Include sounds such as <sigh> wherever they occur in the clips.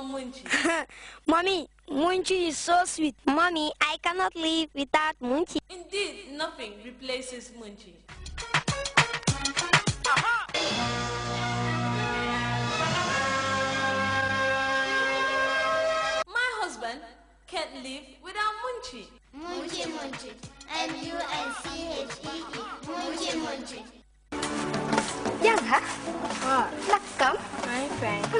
become Munchie? <laughs> Mommy, Munchie is so sweet. Mommy, I cannot live without Munchie. Indeed, nothing replaces Munchie.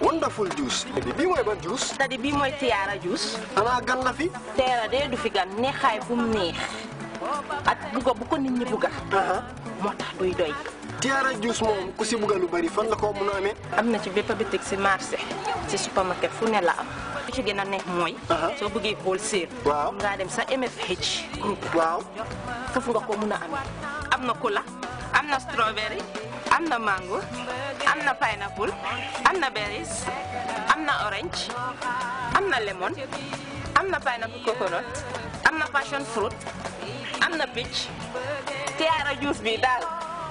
wonderful juice. bii mooy ban juice. c'est-à-dire bii mooy tiyaara juice. xanaa gan la fi. teera dee du fi gan neexaay bu mu neex. ak bu ko bu ko nit ñi bugga. moo tax duy doy. tiyaara juice moom ku si bugga lu bari fan la ko mun a am na ci bépp bitik si marché si supermarket fu ne la am. li ci gën a neex mooy. soo bëggee wholesale. waaw ngaa dem sa MFH waaw foofu nga ko mun a amee. am na cola am na strawberry am na mango. am na pineapple am na berries am na orange am na lemon am na pineapple coconut am na passion fruit am na peach tiara juice bi daal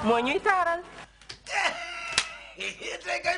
moo ñuy taaral. <laughs> tey kay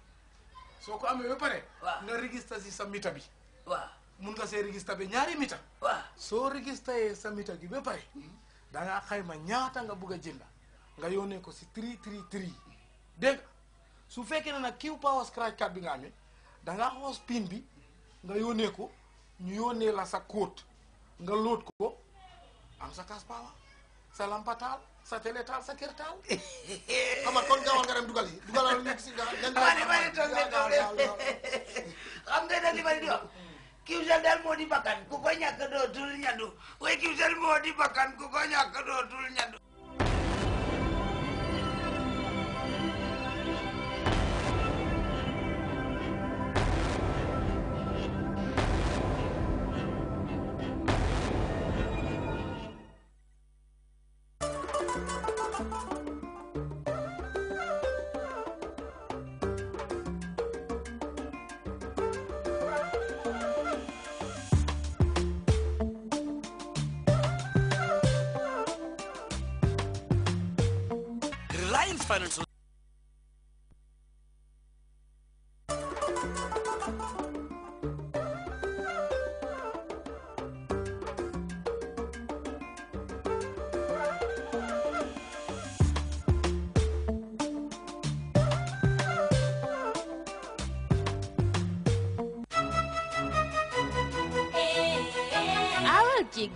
so ko amee paré pare nga register si sa mita bi wa mën nga sé register bi ñaari mita so register registré sa mita gi ba pare da nga xayma ñaata nga bugg jënd nga ko si tri tri tri su fekkee na nag kiw power scratch card bi nga amé da nga xoos pin bi nga yónnee ko ñu la sa code nga ko am sa kas power sa lampa sa télé tal sa kertal taal. <laughs> kon gawal nga dem dugal yi ñu si nga. di wax kiwsel daal moo di bakkan ku ko ñàkk dootul ñandu way kiwsel moo di bakkan ku ko ñàkk dootul ñandu finals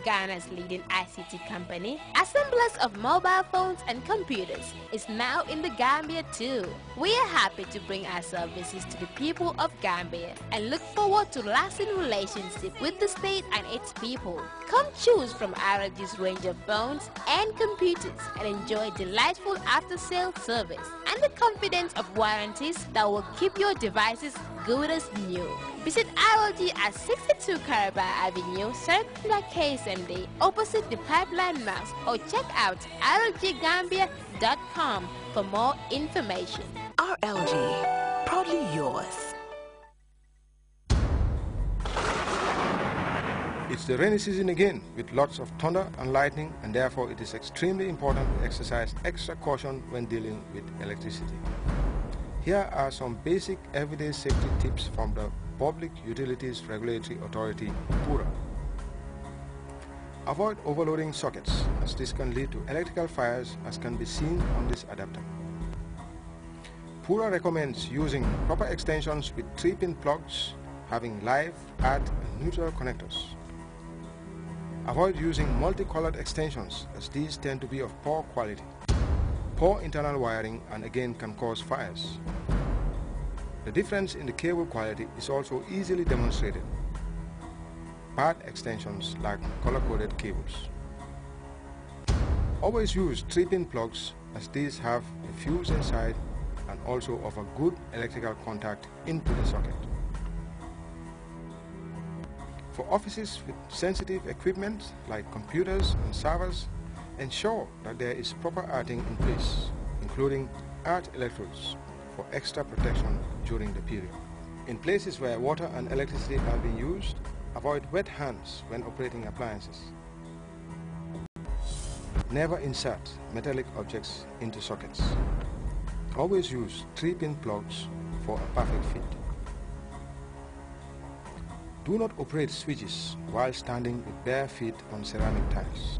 Ghana's leading ICT company, assemblers of mobile phones and computers, is now in the Gambia too. We are happy to bring our services to the people of Gambia and look forward to lasting relationship with the state and its people. Come choose from RFG's range of phones and computers and enjoy delightful after-sale service and the confidence of warranties that will keep your devices good as new. Visit ILG at 62 Caraba Avenue, K, KSMD, opposite the Pipeline Mosque, or check out ILGGambia.com for more information. RLG, proudly yours. It's the rainy season again with lots of thunder and lightning and therefore it is extremely important to exercise extra caution when dealing with electricity. Here are some basic everyday safety tips from the Public Utilities Regulatory Authority, PURA. Avoid overloading sockets as this can lead to electrical fires as can be seen on this adapter. PURA recommends using proper extensions with 3-pin plugs, having live, add and neutral connectors. Avoid using multicolored extensions as these tend to be of poor quality. Poor internal wiring and again can cause fires. The difference in the cable quality is also easily demonstrated. Part extensions like color-coded cables. Always use 3-pin plugs as these have a fuse inside and also offer good electrical contact into the socket. For offices with sensitive equipment like computers and servers, ensure that there is proper arting in place, including art electrodes for extra protection during the period. In places where water and electricity are being used, avoid wet hands when operating appliances. Never insert metallic objects into sockets. Always use 3-pin plugs for a perfect fit. Do not operate switches while standing with bare feet on ceramic tiles.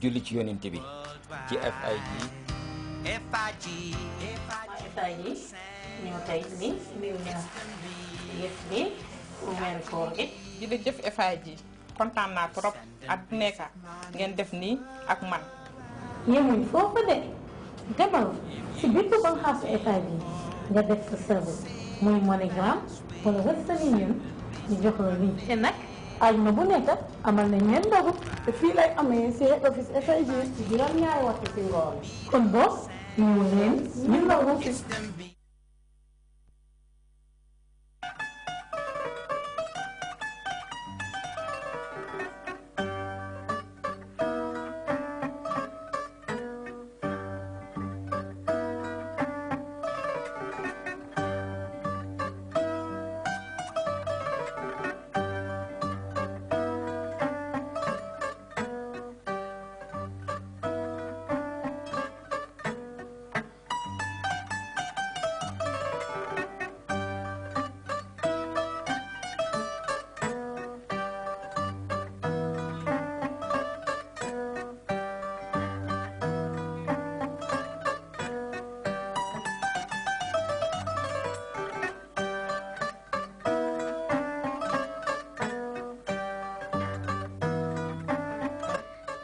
julli ci yonent bi ci FIG FIG ñëw tey ni miw ñëw yëf bi weeru koor gi jërëjëf FIG kontaan naa trop at nekka ngeen def nii ak man yemuñ foofu de demal si biir banxaasu FIG nga def sa service muy MoneyGram wala Western Union ñu jox la lii te nag aaj bu nekk amal nañ leen ndogu te fii lay amee ci head office FIG ci juróom-ñaari waxtu ci ngoon kon boos ñu leen ñu ndogu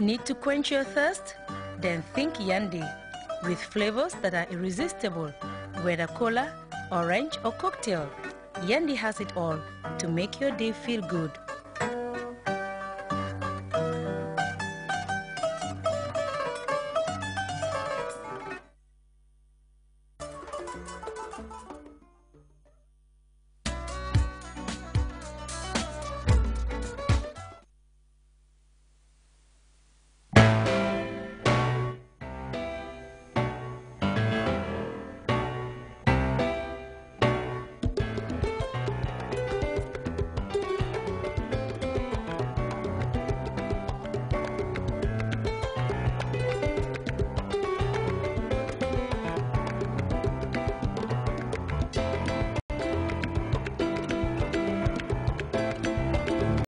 Need to quench your thirst? Then think Yandi with flavors that are irresistible, whether cola, orange or cocktail. Yandi has it all to make your day feel good.